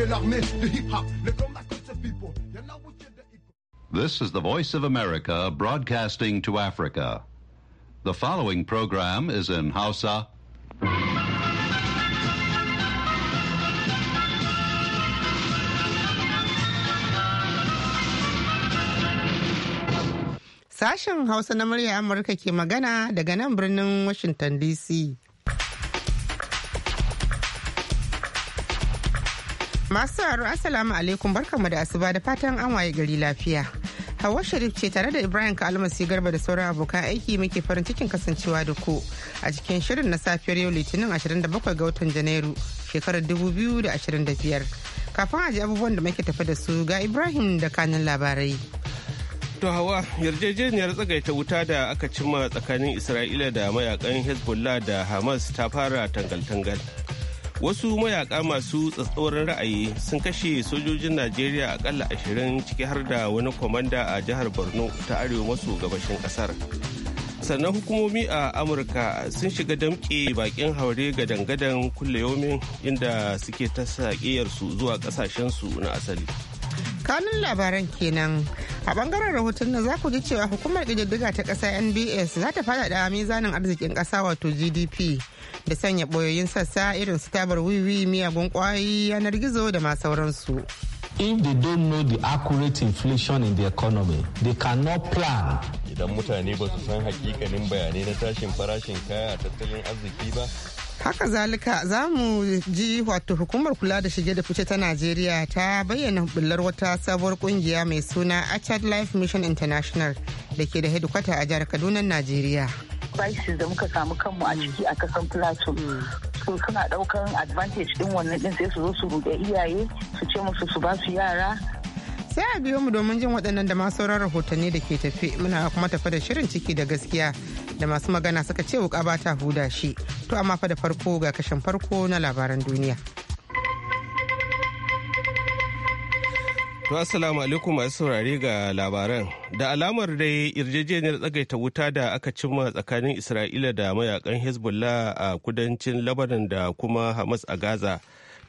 de l'armée de hip-hop, les combattants de people. This is the Voice of America broadcasting to Africa. The following program is in Hausa. Sashen Hausa na murya Amurka ke magana daga nan birnin Washington DC. Masu sauraro Assalamu alaikum barkanmu da asuba da fatan an waye gari lafiya. Hawa Sharif ce tare da Ibrahim Kalmasi Garba da sauran abokan aiki muke farin cikin kasancewa da ku a cikin shirin na safiyar yau Litinin 27 ga watan Janairu shekarar 2025. Kafin aji abubuwan da muke tafi da su ga Ibrahim da kanin labarai. To hawa yarjejeniyar tsagaita wuta da aka cimma tsakanin Isra'ila da mayakan Hezbollah da Hamas ta fara tangal-tangal. wasu mayaka masu tsatsauran ra'ayi sun kashe sojojin najeriya akalla ashirin ciki har da wani kwamanda a jihar borno ta arewa maso gabashin kasar sannan hukumomi a amurka sun shiga damke bakin haure ga dangadan kullayomin inda suke ta su zuwa kasashensu na asali kanun labaran kenan a bangaren rahoton nan za ku ji cewa hukumar ƙididdiga ta ƙasa nbs za ta faɗaɗa mizanin arzikin ƙasa wato gdp da sanya ɓoyoyin sassa irin su tabar wiwi miyagun ƙwayoyi yanar gizo da ma sauransu if they don't know the accurate inflation in the economy they cannot plan idan mutane ba su san hakikanin bayanai na tashin farashin kaya a tattalin arziki ba haka zalika za mu ji wato hukumar kula da shige da fice ta najeriya ta bayyana bullar wata sabuwar kungiya mai suna achad life mission international da ke da hedikwata a jihar kaduna najeriya crisis da muka samu kanmu a ciki a kasan plateau mm. su suna daukan advantage din wannan din sai su zo su ruɗe iyaye su ce musu su ba su yara sai a biyo mu domin jin waɗannan da masu sauran rahotanni da ke tafi muna kuma tafi da shirin ciki da gaskiya da masu magana suka ce wuka ba ta huda shi to amma fa da farko ga kashin farko na labaran duniya To assalamu alaikum masu saurare ga labaran. Da alamar dai yarjejeniyar tsagaita wuta da aka cimma tsakanin Isra'ila da mayakan Hezbollah a kudancin Lebanon da kuma Hamas a Gaza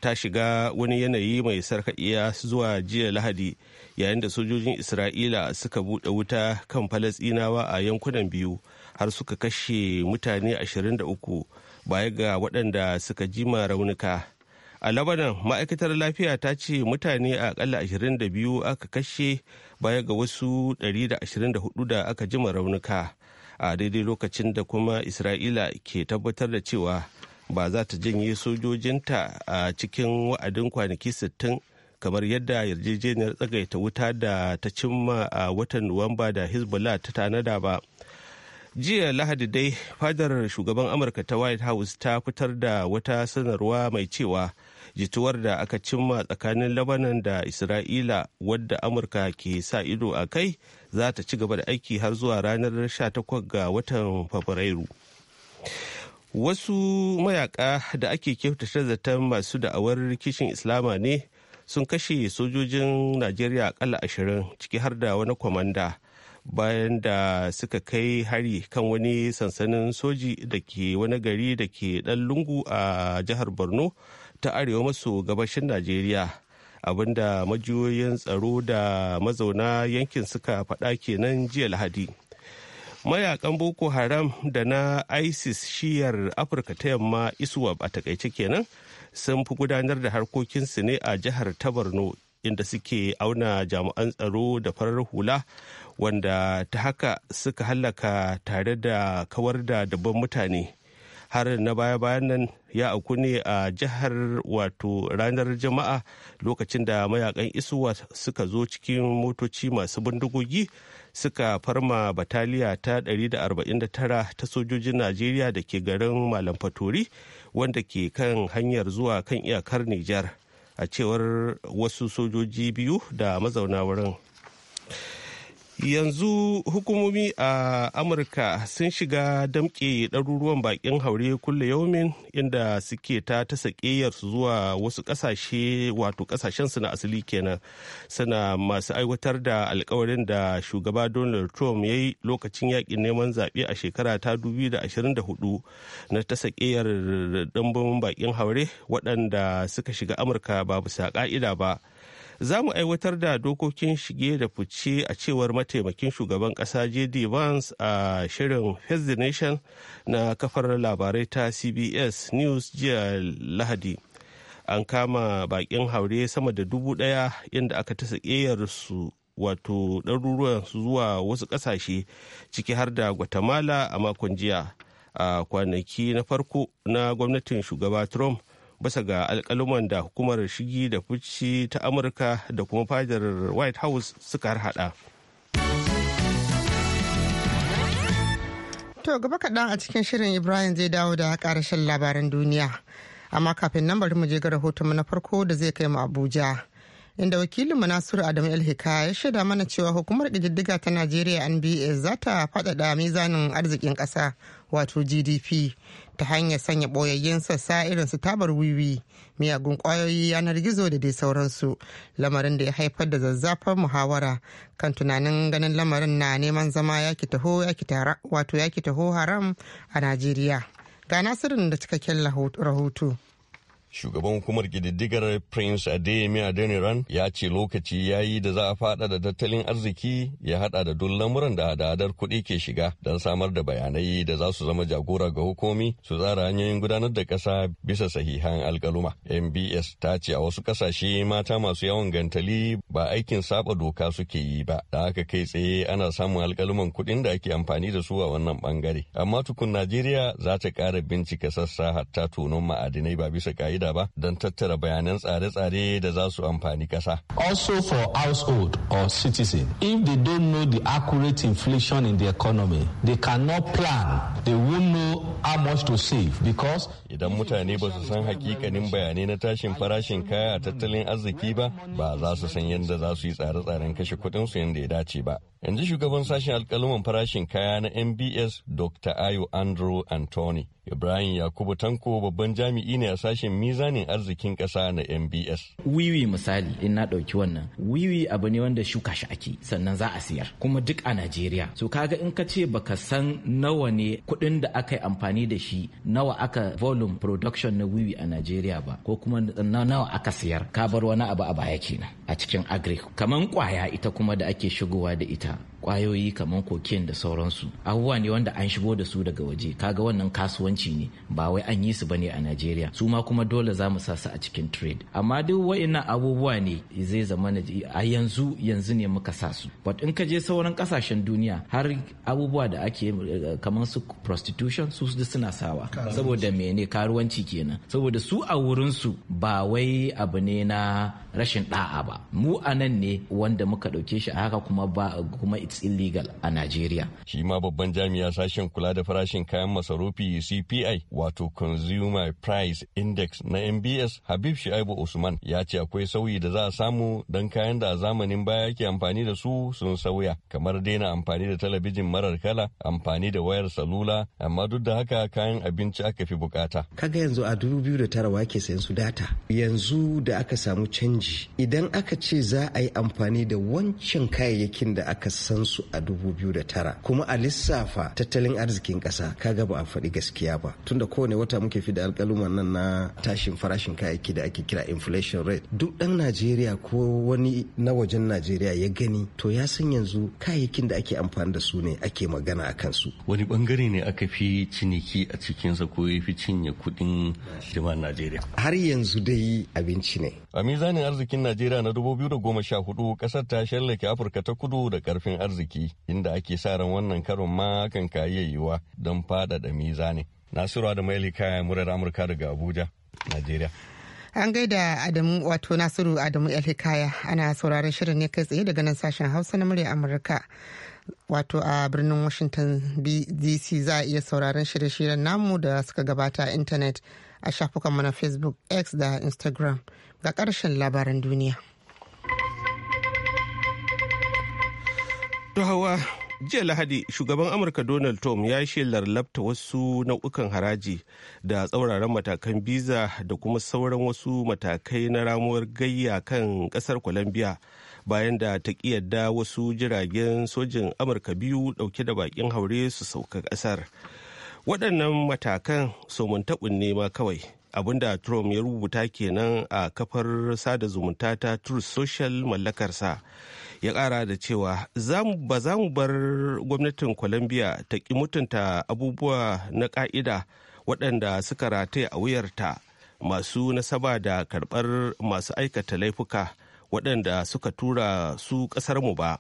ta shiga wani yanayi mai sarkaɗiya zuwa jiya Lahadi yayin da sojojin isra'ila suka buɗe wuta kan Falasinawa a yankunan biyu har suka kashe mutane 23 baya ga waɗanda suka jima raunuka a labanan ma'aikatar lafiya ta ce mutane a akalla 22 aka kashe baya ga wasu 124 da aka jima raunuka a daidai lokacin da kuma isra'ila ke tabbatar da cewa ba za ta janye sojojinta a cikin wa'adin kwanaki sittin. kamar yadda yarjejeniyar tsagaita wuta da ta cimma a watan nuwamba da hezbollah ta tanada ba jiya lahadi dai fadar shugaban amurka ta white house ta fitar da wata sanarwa mai cewa jituwar da aka cimma tsakanin labanan da isra'ila wadda amurka ke sa ido a kai za ta ci gaba da aiki har zuwa ranar 18 ga watan fabrairu wasu mayaka da ake kyautata zaton masu da'awar kishin islama ne sun kashe sojojin najeriya akalla ashirin ciki har da wani kwamanda bayan da suka kai hari kan wani sansanin soji da ke wani gari da ke dan lungu a jihar borno ta arewa maso gabashin najeriya abinda majiyoyin tsaro da mazauna yankin suka faɗa kenan jiya lahadi mayakan boko haram da na isis shiyar afirka ta yamma iswap a takaice kenan sun fi gudanar da harkokinsu ne a jihar ta borno inda suke auna jami'an tsaro da farar hula wanda ta haka suka hallaka tare da kawar da dabban mutane har na baya-bayan nan ya auku ne a jihar wato ranar jama'a lokacin da mayakan isuwa suka zo cikin motoci masu bindigogi suka farma bataliya ta 149 ta sojojin najeriya da ke garin malam fatori wanda ke kan hanyar zuwa kan iyakar Nijar a cewar wasu sojoji biyu da mazauna wurin. yanzu hukumomi a amurka sun shiga damƙe ɗaruruwan baƙin haure kulle yaumin inda suke ta ta su zuwa wasu ƙasashe wato su na asali kenan suna masu aiwatar da alkawarin da shugaba donald trump ya yi lokacin yaƙin neman zaɓe a shekara ta 2024 na ta saƙiyar ɗanbin baƙin haure waɗanda suka shiga amurka ba bisa ƙa'ida ba za mu aiwatar da dokokin shige da fice a cewar mataimakin shugaban kasa jd vance a shirin face the nation na kafar labarai ta cbs news jiya lahadi an kama bakin haure sama da dubu daya inda aka ta su wato ɗaruruwan su zuwa wasu ƙasashe ciki har da guatemala a makon jiya a kwanaki na farko na gwamnatin shugaba trump basa ga alkaluman da hukumar shigi da fici ta amurka da kuma fadar white house suka harhaɗa. to gaba kaɗan a cikin shirin ibrahim zai dawo da ƙarashin labaran duniya amma kafin nan bari mu je ga rahotonmu na farko da zai kai mu abuja inda wakilin nasiru adamu el ya shaida mana cewa hukumar ƙididdiga ta najeriya NBA za ta faɗaɗa mizanin arzikin ƙasa wato gdp ta hanyar sanya ɓoyayyen sassa irin su tabar wiwi miyagun ƙwayoyi yanar gizo da dai sauransu lamarin da ya haifar da zazzafar muhawara kan tunanin ganin lamarin na neman zama yaki taho wato yaki taho haram a najeriya ga nasirin da cikakken rahoto Shugaban hukumar kididdigar Prince Adeyemi Adeniran ya ce lokaci ya yi da za a fada da tattalin arziki ya hada da duk lamuran da hadadar kuɗi ke shiga don samar da bayanai da za su zama jagora ga hukumi su tsara hanyoyin gudanar da ƙasa bisa sahihan alkaluma. MBS ta ce a wasu ƙasashe mata masu yawan gantali ba aikin saba doka suke yi ba. Da haka kai tsaye ana samun alkaluman kuɗin da ake amfani da su a wannan bangare. Amma tukun Najeriya za ta ƙara bincika sassa hatta tonon ma'adinai ba bisa ka'ida shaida ba don tattara bayanan tsare-tsare da za su amfani ƙasa. Also for household or citizen, if they don't know the accurate inflation in the economy, they cannot plan, they won't know how much to save because idan mutane ba su san hakikanin bayanai na tashin farashin kaya a tattalin arziki ba, ba za su san yadda za su yi tsare-tsaren kashe su yadda ya dace ba. yanzu shugaban sashen alkaluman farashin kaya na MBS Dr. Ayo Andrew Anthony. Ibrahim Yakubu Tanko babban jami'i ne a sashen mizanin arzikin ƙasa na MBS. Wiwi misali in na ɗauki wannan. Wiwi abu ne wanda shuka shi ake sannan za a siyar kuma duk a Najeriya. So kaga in ka ce baka san nawa ne kuɗin da aka yi amfani da shi nawa aka volume production na wiwi a Najeriya ba ko kuma nawa aka siyar ka bar wani abu a baya kenan a cikin agri. Kaman kwaya ita kuma da ake shigowa da ita kwayoyi kamar kokin da sauransu abubuwa ne wanda an shigo da su daga waje kaga wannan kasuwanci ne ba wai an yi su bane a Najeriya su ma kuma dole za mu sa su a cikin trade amma duk wa'annan abubuwa ne zai zama a yanzu yanzu ne muka sa su but in ka je sauran kasashen duniya har abubuwa da ake kamar su prostitution su suna sawa saboda mene karuwanci kenan saboda su a wurin su ba wai abu ne na rashin da'a ba mu anan ne wanda muka ɗauke shi a haka kuma ba kuma it's illegal a Nigeria. Shi ma babban jami'a sashen kula da farashin kayan masarufi CPI wato Consumer Price Index na MBS Habib Shu'aibu Usman ya ce akwai sauyi da za a samu don kayan da a zamanin baya ke amfani da su sun sauya kamar daina amfani da talabijin marar kala amfani da wayar salula amma duk da haka kayan abinci aka fi bukata. Kaga yanzu a dubu biyu da tara wake sayan su data yanzu da aka samu canji idan aka ce za a yi amfani da wancan kayayyakin da aka san su a 2009 kuma a lissafa tattalin arzikin ƙasa kaga ba a faɗi gaskiya ba tunda kowane wata muke fi da alƙaluman nan na tashin farashin kayayyaki da ake kira inflation rate duk ɗan najeriya ko wani na wajen najeriya ya gani to ya san yanzu kayayyakin da ake amfani da su ne ake magana a kansu wani bangare ne aka fi ciniki a cikinsa ko ya fi cinye kuɗin jama'ar najeriya har yanzu dai abinci ne a mizanin arzikin najeriya na hudu kasar ta shallake afirka ta kudu da karfin arziki arziki inda ake sa ran wannan karon ma hakan ka iya yiwuwa don faɗaɗa Nasiru adamu kaya murar Amurka daga Abuja, Najeriya. An gaida Adamu wato Nasiru Adamu Hikaya ana sauraron shirin ne kai tsaye daga nan sashen Hausa na murya Amurka. Wato a birnin Washington DC za a iya sauraron shirye-shiryen namu da suka gabata a intanet a shafukanmu na Facebook, X da Instagram. Ga ƙarshen labaran duniya. To hawa jiya lahadi shugaban amurka donald trump ya shelar labta wasu nau'ukan haraji da tsauraran matakan biza da kuma sauran wasu matakai na ramuwar gayya kan kasar colombia bayan da ta kiyarda wasu jiragen sojin amurka biyu dauke da bakin haure su sauka kasar waɗannan matakan somuntaɓin ne ma kawai da trump ya rubuta kenan a kafar sada zumunta ta truth social mallakarsa ya kara da cewa ba za mu bar gwamnatin colombia ta ki mutunta abubuwa na ka'ida waɗanda suka rataye a wuyarta masu nasaba da karɓar masu aikata laifuka waɗanda suka tura su ƙasarmu ba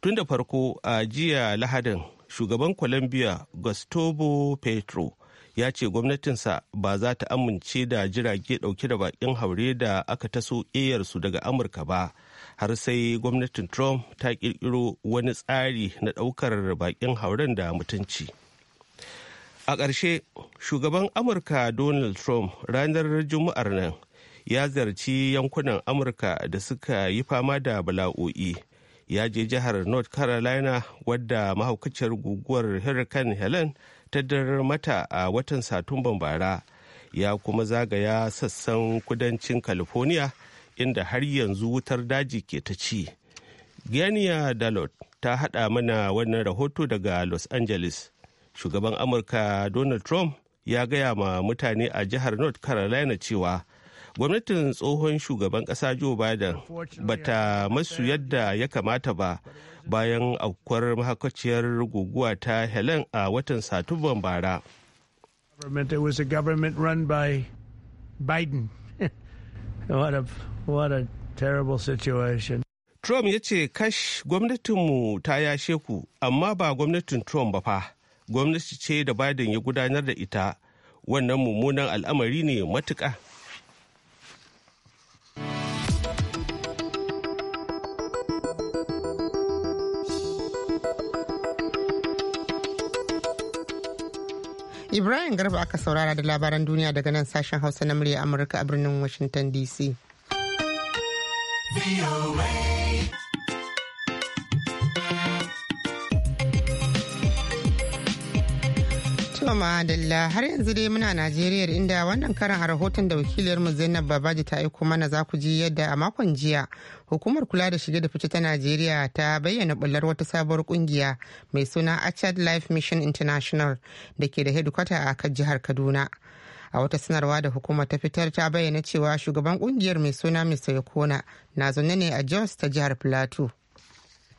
tun da farko a jiya lahadin shugaban colombia gustavo petro ya ce gwamnatinsa ba za ta amince da jirage ɗauke da baƙin haure da aka taso iyarsu daga amurka ba har sai gwamnatin trump ta kirkiro wani tsari na ɗaukar bakin hauren da mutunci a ƙarshe shugaban amurka donald trump ranar juma'ar nan ya zarci yankunan amurka da suka yi fama da bala'o'i ya je jihar north carolina wadda mahaukaciyar guguwar hurricane helen ta darar mata a watan satumban bara ya kuma zagaya sassan kudancin california inda har yanzu wutar daji ke ta ci ganiya dalot ta haɗa mana wannan rahoto daga los angeles shugaban amurka donald trump ya gaya ma mutane a jihar north carolina cewa gwamnatin tsohon shugaban ƙasa joe biden bata masu yadda ya kamata ba bayan aukuwar mahakaciyar guguwa ta helen a watan satumban bara It was a government Biden. What a, terrible situation. Trump ya ce kash gwamnatinmu ta yashe ku amma ba gwamnatin Trump ba fa gwamnati ce da Biden ya gudanar da ita wannan mummunan al'amari ne matuƙa. Ibrahim Garba aka saurara da labaran duniya daga nan sashen Hausa na murya Amurka a birnin Washington DC. To madalla har yanzu dai muna Najeriya inda wannan karin a rahoton da wakiliyarmu Zainab Babaji ta aiko mana za ku ji yadda a makon jiya hukumar kula da shige da fice ta Najeriya ta bayyana bullar wata sabuwar kungiya mai suna Achad Life Mission International da ke da hedikwata a kan jihar Kaduna. A wata sanarwa da hukumar ta fitar ta bayyana cewa shugaban kungiyar mai suna Mr. Yakona na zaune ne a Jos ta jihar Plateau.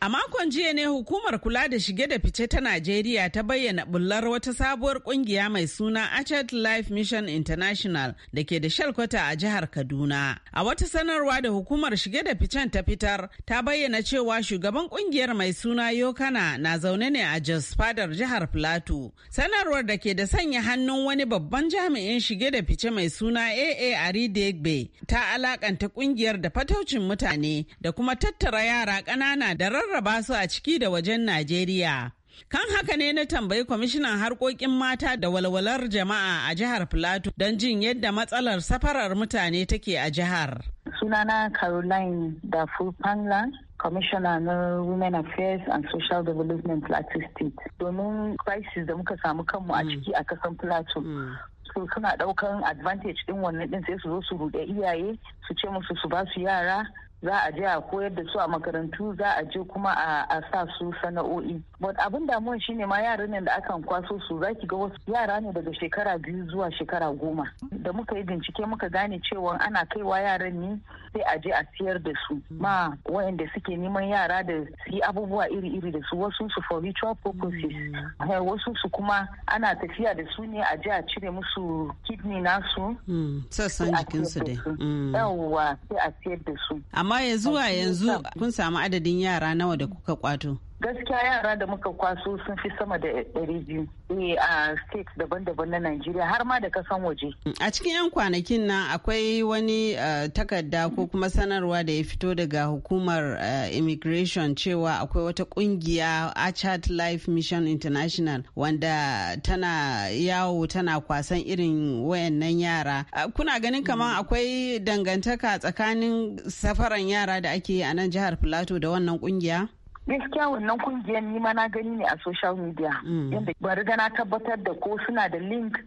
A makon jiya ne hukumar kula da shige da fice ta Najeriya ta bayyana bullar wata sabuwar kungiya mai suna Achat Life Mission International da ke da shalkwata a jihar Kaduna. A wata sanarwa da hukumar shige da ficen ta fitar ta bayyana cewa shugaban kungiyar mai suna Yokana na zaune ne a Jos Fadar jihar Plateau. Sanarwar da ke da sanya hannun wani babban jami'in shige da fice mai suna AA Aridegbe ta alakanta kungiyar da fataucin mutane da kuma tattara yara ƙanana da rarraba su a ciki da wajen Najeriya. Kan haka ne na tambayi kwamishinan harkokin mata da walwalar jama'a a jihar Filato don jin yadda matsalar safarar mutane take a jihar. Sunana Caroline da fulpanland Commissioner na Women Affairs and Social Development Plateau State. Domin crisis da muka samu kanmu a mm. ciki a kasan Plateau. Mm. So suna daukan advantage din wannan din sai su zo su ruɗe iyaye su ce musu su ba su yara za a je a koyar da su a makarantu za a je kuma a sa su sana'o'i but abin damuwa shine ma yaran nan da akan kwaso su za ki ga wasu yara ne daga shekara biyu zuwa shekara goma da muka yi bincike muka gane cewa ana kaiwa yaran ne sai a je a siyar da su ma wayanda suke neman yara da yi abubuwa iri-iri da su wasu su for ritual purposes mm. eh, wasu su kuma ana tafiya da su ne a je a cire musu kidney nasu mm. sassan jikinsu dai mm. yawwa sai a siyar da su amma ya zuwa yanzu kun samu adadin yara nawa da kuka kwato gaskiya yara da muka kwaso sun fi sama da ɗari biyu ne eh, a state daban-daban na Najeriya har ma da kasan waje. A cikin 'yan kwanakin nan akwai wani eh, takarda ko kuma sanarwa da ya fito daga hukumar eh, immigration cewa akwai wata kungiya Achat Life Mission International wanda tana yawo tana kwasan irin wayannan yara. Kuna ganin kamar akwai dangantaka tsakanin safaran yara da ake yi a nan jihar Plateau da wannan kungiya? gaskiya wannan kungiyar ni ma na gani ne a social media mm. yadda bari riga na tabbatar da ko suna da link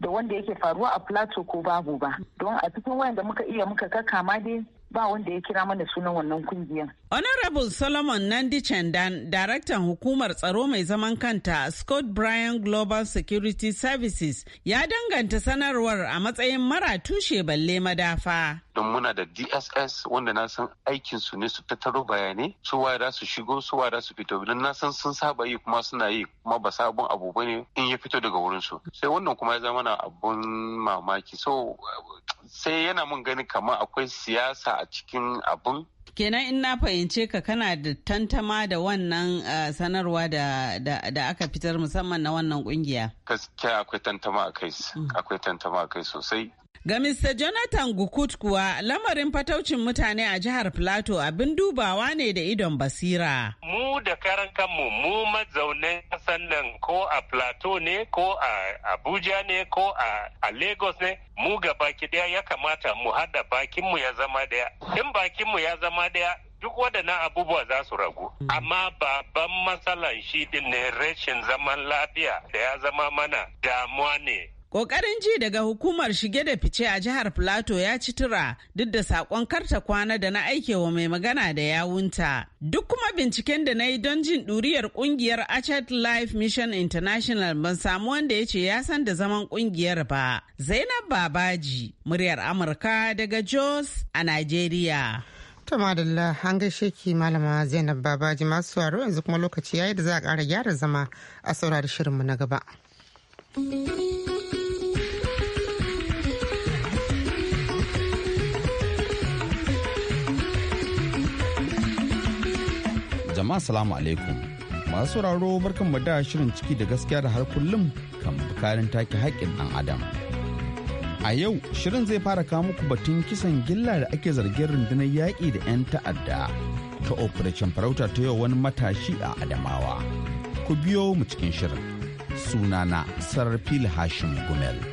da wanda yake faruwa a plateau ko babu ba don a cikin wayanda muka iya muka kama dai ba wanda ya kira mana sunan wannan kungiyar. Honorable Solomon Nandi Chandan, daraktan hukumar tsaro mai zaman kanta Scott Bryan Global Security Services ya danganta sanarwar a matsayin mara tushe balle madafa. Don muna da DSS wanda na san aikin su ne su tattaro bayanai su da su shigo su da su fito don na san sun saba yi kuma suna yi kuma ba sabon abu bane in ya fito daga wurin su. Sai wannan kuma ya zama na abun mamaki so sai yana mun gani kamar akwai siyasa a cikin abun kenan in na fahimce ka kana da tantama da wannan eh, sanarwa da, aka fitar musamman na wannan kungiya gaskiya akwai tantama akai mm. akwai tantama a kai sosai Ga Mr. Jonathan Gukut kuwa lamarin fataucin mutane a jihar Plateau abin dubawa ne da idon basira. Mu da karan kanmu mu mazaunin kasan nan ko a Plateau ne ko a Abuja ne ko a Lagos ne mu ga baki daya ya kamata mu hada bakinmu ya zama daya. In bakinmu ya zama daya duk waɗannan abubuwa za su ragu. Hmm. Amma babban matsalan shi ne rashin zaman lafiya da ya zama mana damuwa ne Ƙoƙarin ji daga hukumar shige da fice a jihar Filato ya ci tura duk da saƙon karta kwana da na aike wa mai magana da yawunta. Duk kuma binciken da na yi don jin ɗuriyar ƙungiyar Achat Life Mission International ban samu wanda ya ce ya san da zaman ƙungiyar ba. Zainab Babaji, muryar Amurka daga Jos a Najeriya. To madalla an gaishe ki malama Zainab Babaji masu waro yanzu kuma lokaci yayi da za a ƙara gyara zama a saurari shirinmu na gaba. jama'a salamu alaikum masu sauraro barkan mu da shirin ciki da gaskiya da har kullum kan bukarin take haƙƙin ɗan adam a yau shirin zai fara kawo muku batun kisan gilla da ake zargin rundunar yaƙi da 'yan ta'adda ta operation farauta ta yau wani matashi a adamawa ku biyo mu cikin shirin sunana sarfil hashim gumel.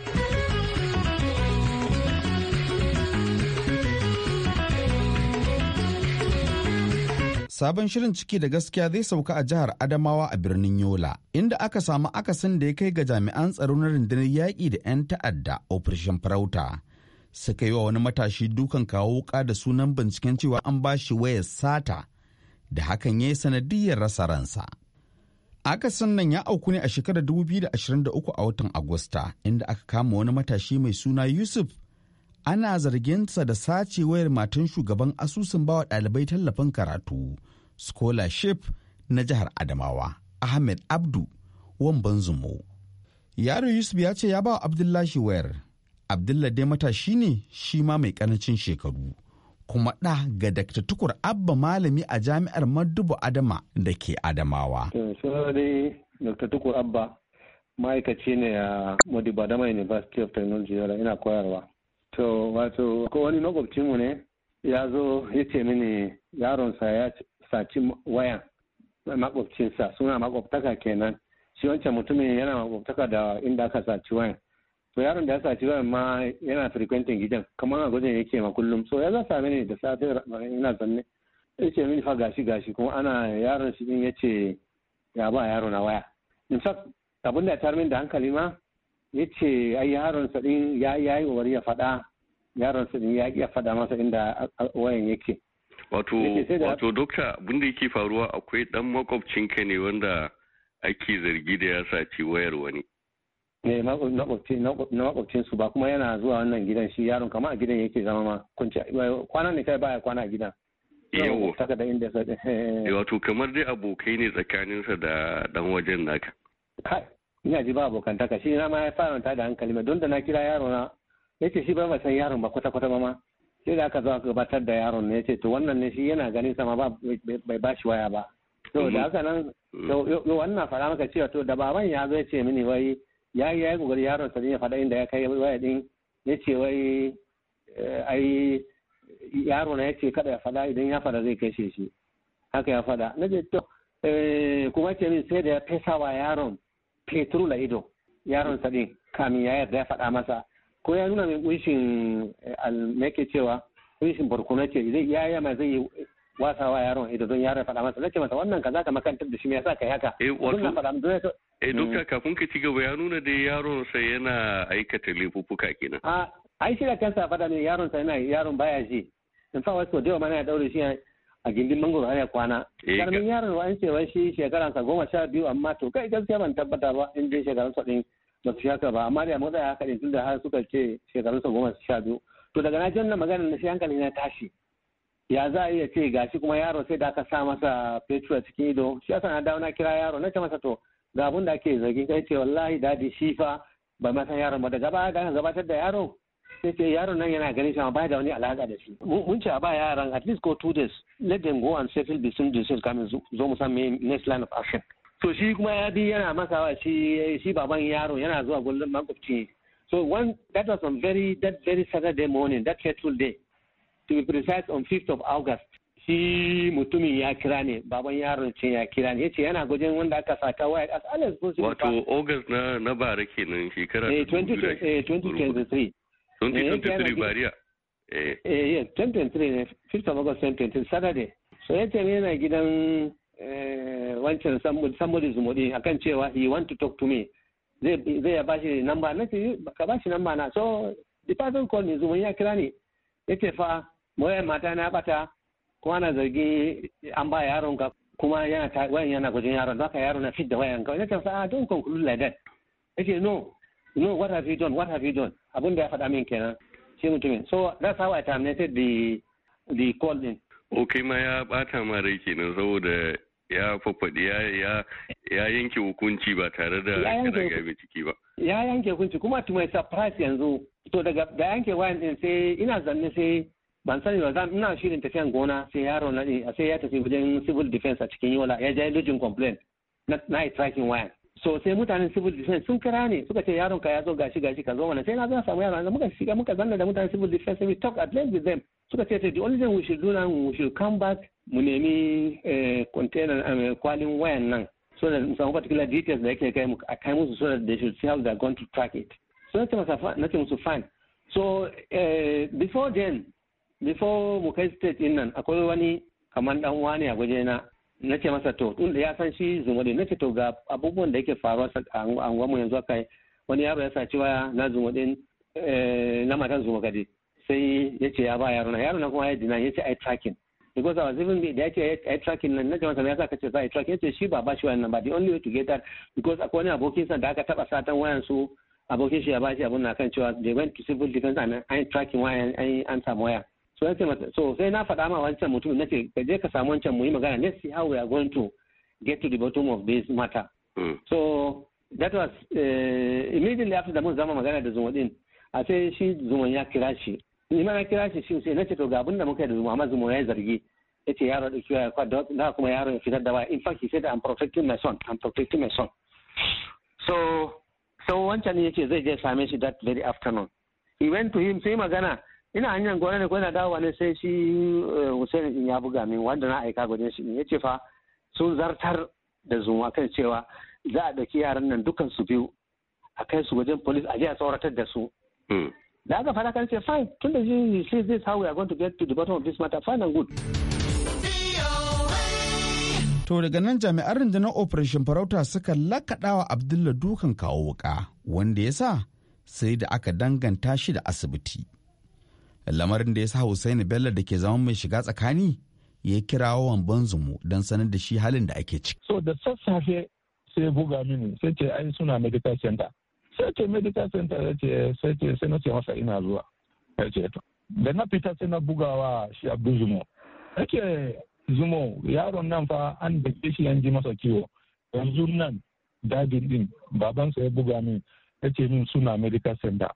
Sabon shirin ciki da gaskiya zai sauka a jihar Adamawa a birnin Yola, inda aka samu akasin da ya kai ga jami'an tsaro na rundunar yaƙi da 'yan ta'adda Operation Farauta. Suka yi wa wani matashi dukan kawo wuka da sunan binciken cewa an ba shi wayar sata da hakan ya yi sanadiyar rasa ransa. Akasin nan ya auku ne a shekarar 2023 a watan Agusta, inda aka kama wani matashi mai suna Yusuf ana zarginsa da sace wayar matan shugaban asusun bawa ɗalibai tallafin karatu scholarship na jihar Adamawa, Ahmed Abdu Wamban Zumo. Yaro Yusuf ya ce ya ba Abdullahi wayar. Abdullahi dai matashi ne shi ma mai ƙarancin shekaru. kuma ɗa ga Dr. Tukur Abba malami a jami'ar Madubu Adama da ke Adamawa. Sunanade Tukur Abba ma'aikaci ne a Madubu Adama University of Technology yara ina koyarwa. To wato ko wani makwabcinmu ne ya zo ya ce mini yaronsa saci waya makwabcinsa suna makwabtaka kenan shi wancan mutumin yana makwabtaka da inda aka saci wayan to yaron da ya saci wayan ma yana frequentin gidan kamar a gwajin yake ma kullum so ya za sami ne da safe ina zanne yace mini fa gashi gashi kuma ana yaron shi din yace ya ba yaro na waya in fact abin da ya tarmin da hankali ma yace ai yaron sa din ya yayi wari ya faɗa yaron sa din ya ya faɗa masa inda wayan yake Wato wato dokta abinda yake faruwa akwai dan ka ne wanda ake zargi da ya saci wayar wani. ne eh, na makwabcin su ba kuma yana zuwa wannan gidan shi yaron kama a gidan yake zama ma kunci kwana ne kai baya kwana a gidan yawo eh, eh, wato kamar dai abokai ne tsakaninsa da dan wajen naka ina ji ba abokan taka shi na ma ya faranta da hankali mai don da na kira yaro na yace shi ba ba san yaron ba kwata kwata ba ma sai da aka zo aka gabatar da yaron ne ce to wannan ne shi yana ganin sama ba bai ba shi waya ba to da mm-hmm. haka nan mm-hmm. to wannan fara maka cewa to da baban ya zo ya ce mini wai ya yi yayi kokari yaron sa ya faɗa inda ya kai waya din ya ce wai eh, ai yaro na ya ce kada ya faɗa idan ya faɗa zai kashe shi haka ya faɗa na ce to eh, kuma ce min sai da ya fesa wa yaron petrol a ido yaron sa din kamin ya yarda ya faɗa masa ko ya nuna min kunshin eh, cewa kunshin barkono ce zai yi ma zai wasawa yaron ido don yaron faɗa masa nace masa wannan kaza ka makantar da shi me yasa kai haka eh dokta eh, mm. kafin ka ci gaba ya nuna da yaron sa yana aikata laifuffuka kenan a ah, ai shi da kansa faɗa min yaron sa yana yaron baya ji in fa wasu da mana ya daure shi a gindin mangoro har ya kwana. Eh, Karamin yaron wa an ce wai shi shekaransa goma sha biyu amma to kai gaskiya ban tabbata ba in je shekaransa din ba su haka ba amma da ya haka ne da har suka ce shekarunsa goma sha biyu to daga na ji wannan magana na shi hankali na tashi ya za a iya ce gashi kuma yaro sai da aka sa masa fetur cikin ido shi yasa na dawo na kira yaro na ce masa to ga abun da ake zargin kai ce wallahi dadi shi fa ba ma san yaron ba da gaba da aka gabatar da yaro sai ce yaron nan yana ganin shi amma ba da wani alaka da shi mun ce a ba yaran at least go two days let them go and settle between themselves kamin zo mu san next line of action to shi kuma ya bi yana makawa shi shi baban yaro yana zuwa gullun makwabci so one that was on very that very saturday morning that fateful day to be precise on 5th of august shi mutumin ya kira ne baban yaron ce ya kira ne yace yana gujin wanda aka saka waya as all responsible wato august na na bara kenan shekara eh 2023 2023 eh, eh, bariya eh eh 2023 ne 5th of august 2023 saturday so yace yana gidan eh wancan somebody a kan cewa he want to talk to me zai ya bashi namba na ce ka bashi namba na so the person call me zumun ya kira ni ce fa moyar mata na bata kuma na zargi an ba yaron ka kuma yana wayan yana gwajin yaron don haka yaron na fit da wayan ka yace fa don conclude like that ce no no what have you done what have you done abin da ya faɗa min kenan shi mutumin so that's how I terminated the the call din. Okay ma ya bata ma rai kenan saboda ya fafaɗi ya yanke hukunci ba tare da kira mai ciki ba. Ya yanke hukunci kuma to mai surprise yanzu to daga da yanke wayan din sai ina zanne sai ban sani ba zan ina shirin tafiyan gona sai yaro na sai ya tafi wajen civil defense a cikin yola ya je lodging complaint na na tracking wayan. So sai mutanen civil defense sun kira ne suka ce yaron ka ya zo gashi gashi ka zo mana sai na zo samu yaron muka shiga muka zanna da mutanen civil defense we talk at length with them suka ce the only thing we should do now we should come back mu nemi eh, container kwalin eh, wayan nan so da mu samu particular details da yake kai mu a kai musu so that they should see how they are going to track it so na ce masa na ce musu fine so eh, before then before mu kai state din nan akwai wani kamar dan wani a gwaje na na ce masa to tun da ya san shi zumudi na ce to ga abubuwan da yake faruwa a mu yanzu kai wani yaro ya sa cewa na zumudin na matan gadi, sai ya ce ya ba yaro na yaro na kuma ya dina ya ce ai tracking because I was even da ya ce tracking nan na jama'a kamar yasa kace za a yi tracking ya shi ba ba shi wannan ba the only way to get that because akwai wani abokin sa da aka taba satan wayan su abokin shi ya bashi abun na kan cewa they went to civil defense and an tracking wayan an an samu waya so ya so sai na faɗa ma wancan mutum na ce ka je ka samu wancan mu yi magana let's see how we are going to get to the bottom of this matter hmm. so that was uh, immediately after da mun zama magana da zuwa din a sai shi zuwan ya kira shi ni ma na kira shi shi sai na ce to ga abin da muka yi da Muhammad Zumo ya zargi ya ce yaro ɗauki waya kwa da kuma ya fitar da waya in fact he said I'm protecting my son I'm protecting my son so so wancan ya ce zai je same shi that very afternoon he went to him sai magana ina hanyar gona ne ko ina dawowa ne sai shi eh, Hussein in ya buga min wanda na aika gwajin shi ya ce fa sun zartar da zuma kan cewa za a ɗauki yaran nan dukan su biyu a kai su wajen polis a je a tsoratar da su hmm. da aka fara kan ce fine tun da shi zai this how we to get to the bottom of this matter fine and good To daga nan jami'an rundunar Operation Farauta suka lakaɗawa Abdullah dukan kawo wuka wanda ya sa sai da aka danganta shi da asibiti. Lamarin da ya sa Hussaini Bello da ke zama mai shiga tsakani ya kirawo wa banzumu don sanar da shi halin da ake ciki. So da sassafe sai buga mini sai ce ai suna medical center. sai ce medical center ya ce sai ce sai na ce masa ina zuwa ya ce to da na fita sai na bugawa shi abdu e zumo ya ce zumo yaron nan fa an dake shi an ji masa kiwo yanzu e nan dajin din babansa ya buga min ya e ce min suna medical center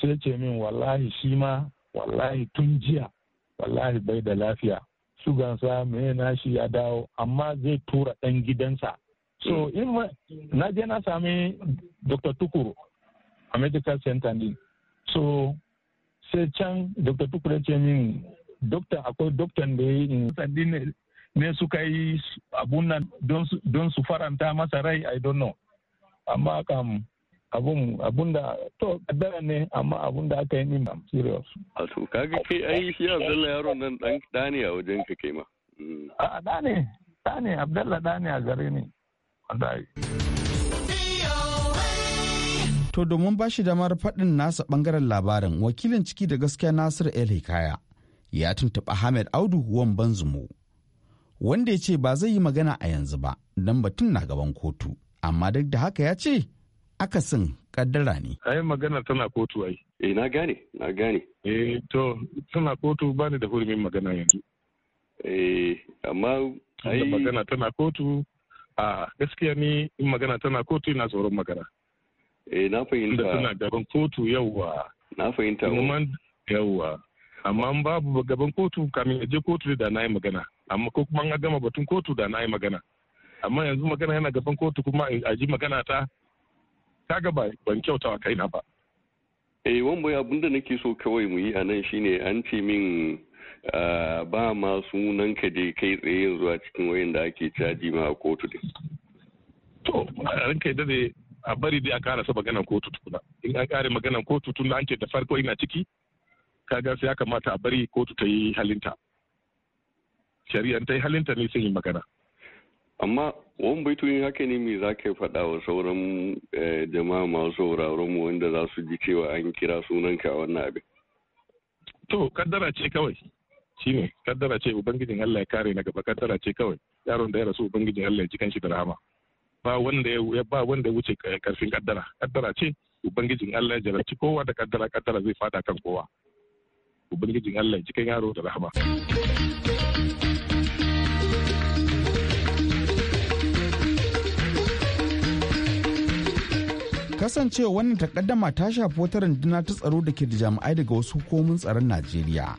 sai ce min wallahi shi ma wallahi tun jiya wallahi bai da lafiya sugansa mai nashi ya dawo amma zai tura ɗan gidansa so mm. in ma na je na sami dr tukuru a medical center ne so sai can dr tukuru ce min dokta akwai doktan da ya yi ne suka yi abun nan don su faranta masa rai i don't know amma kam abun abun da to kaddara ne amma abun da aka yi min serious a kaga kai ai shi Abdullah yaron nan dan dani a wajen ka kai ma mm. a dani dani da dani Abdullah a gare ni Allah to domin ba shi damar faɗin nasa ɓangaren labarin wakilin ciki da gaskiya nasir el hikaya ya tuntuɓi ahmed audu Huwan zumo wanda ya ce ba zai yi magana a yanzu ba don batun na gaban kotu amma duk da haka ya ce akasin kaddara ne. Ai magana tana kotu ai. Eh na gane, na gane. Eh to tana kotu ba ni da hurumin magana yanzu. Eh amma ai magana tana kotu a gaskiya ni in magana tana kotu ina tsoron magana eh na fahimta da tana gaban kotu yawwa na fahimta kuma yawwa amma an babu gaban kotu kamin ya je kotu da na yi magana amma ko kuma an gama batun kotu da na yi magana amma yanzu magana yana gaban kotu kuma a ji magana ta Ta gaba ban kyautawa kaina ba eh wan abin da nake so kawai mu yi a nan shine an ce min ba ma ka dai kai tsaye yanzu a cikin wayan da ake caji ma a kotu din. To, ranka yadda ne a bari dai a karasa maganan kotu tukuna. In an kare maganan kotu tun da an ke da farko ina ciki, kaga sai ya kamata a bari kotu ta yi halinta. Shari'an ta yi halinta ne sun yi magana. Amma wani baitoyin haka ne me za ka yi faɗa wa sauran eh, jama'a masu sauraron mu wanda za su ji cewa an kira sunanka a wannan abin. To, kaddara ce kawai. shine kaddara ce ubangijin Allah ya kare na gaba kaddara ce kawai yaron da ya rasu ubangijin Allah ya ji kanshi da rahama ba wanda ya ba wanda ya wuce karfin kaddara kaddara ce ubangijin Allah ya jarabci kowa da kaddara kaddara zai fada kan kowa ubangijin Allah ya ji kan yaro da rahama kasancewa wannan takaddama ta shafi wata runduna ta tsaro da ke da jami'ai daga wasu hukumomin tsaron Najeriya.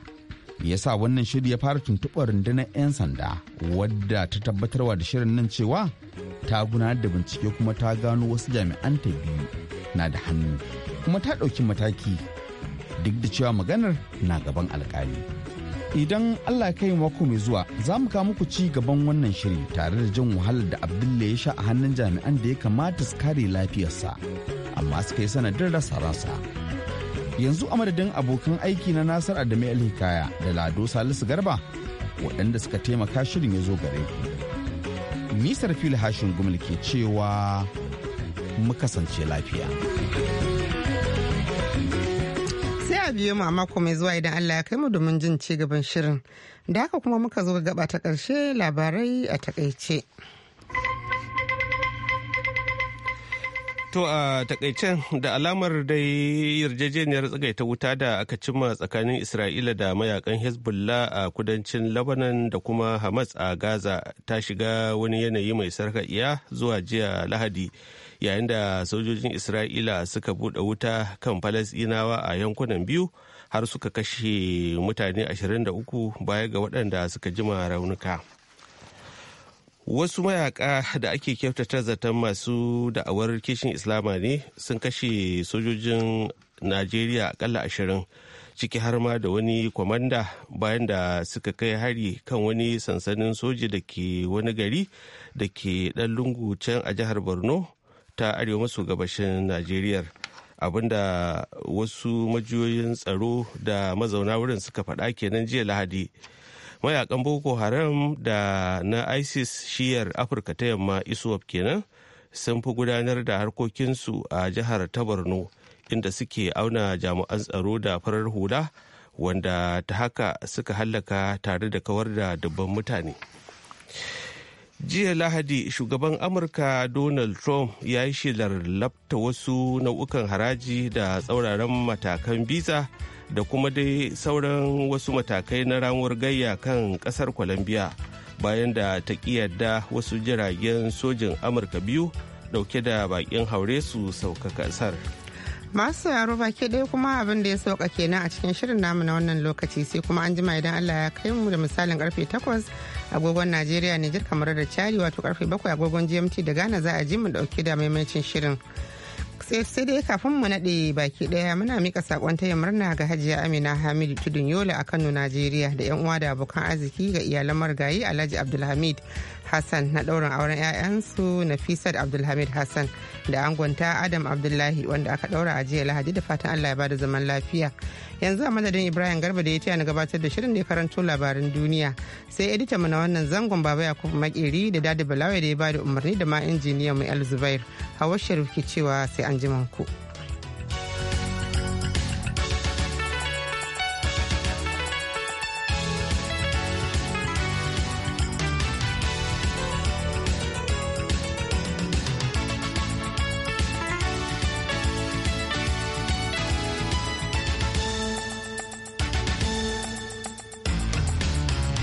ya sa wannan shiri ya fara tuntuɓar rundunar 'yan sanda wadda ta tabbatarwa da shirin nan cewa ta gudanar da bincike kuma ta gano wasu jami'an ta biyu na da hannu kuma ta ɗauki mataki duk da cewa maganar na gaban alkali idan allah ya kai mako mai zuwa za mu kawo muku ci gaban wannan shiri tare da jin wahalar da abdulla ya sha a hannun jami'an da ya kamata su kare lafiyarsa amma suka yi sanadin rasa rasa yanzu a madadin abokan aiki na nasar adamu hikaya da lado salisu garba waɗanda suka taimaka shirin ya zo gare ku nisar fil hashin gumul ke cewa mu kasance lafiya sai a biyo mu a mako mai zuwa idan allah ya kai mu domin jin ci gaban shirin da haka kuma muka zo ga gaba ta ƙarshe labarai a takaice. To a takaice da alamar dai yarjejeniyar tsagaita wuta da aka cimma tsakanin Isra'ila da mayakan Hezbollah a kudancin Lebanon da kuma Hamas a Gaza ta shiga wani yanayi mai sarka'iya zuwa jiya Lahadi yayin da sojojin Isra'ila suka buɗe wuta kan Falasɗinawa a yankunan biyu har suka kashe mutane 23 baya ga waɗanda suka jima raunuka. wasu mayaka da ake kyautata zaton masu da'awar kishin islama ne sun kashe sojojin najeriya akalla ashirin ciki har ma da wani kwamanda bayan da suka kai hari kan wani sansanin soji da ke wani gari da ke dan lungu can a jihar borno ta arewa maso gabashin najeriya abinda wasu majiyoyin tsaro da mazauna wurin suka faɗa kenan jiya lahadi mayakan boko haram da na isis shiyar afirka ta yamma isuwa kenan sun fi gudanar da harkokinsu a jihar ta borno inda suke auna jami'an tsaro da farar hula wanda ta haka suka hallaka tare da kawar da dubban mutane jiya lahadi shugaban amurka donald trump ya yi shelar labta wasu nau'ukan haraji da tsauraran matakan biza da kuma dai sauran wasu matakai na ramuwar gayya kan kasar colombia bayan da ta yarda wasu jiragen sojin amurka biyu dauke da bakin haure su sauka kasar masu yaro baki ɗaya kuma abin da ya sauka kenan a cikin shirin namu na wannan lokaci sai kuma an jima idan allah ya kai mu da misalin karfe 8 agogon najeriya nijar kamar da cari wato karfe 7 agogon gmt da ghana za a ji mu dauke da maimacin shirin sai sai dai kafin mu naɗe baki daya muna mika sakon taya murna ga hajiya amina hamidu tudun yola a kano najeriya da yan uwa da abokan arziki ga iyalan marigayi alhaji abdulhamid Hassan na ɗaurin auren 'ya'yansu Nafisat Abdulhamid Hassan da angonta Adam Abdullahi wanda aka ɗaura a jiya Lahadi da fatan Allah ya bada zaman lafiya. Yanzu a madadin Ibrahim Garba da ya ce na gabatar da shirin da ya karanto labarin duniya sai edita mu na wannan zangon Baba yakub Makeri da Dadi Balawai da ya bada umarni da ma injiniyan mu El Zubair. Hawa Sharif ke cewa sai an ku.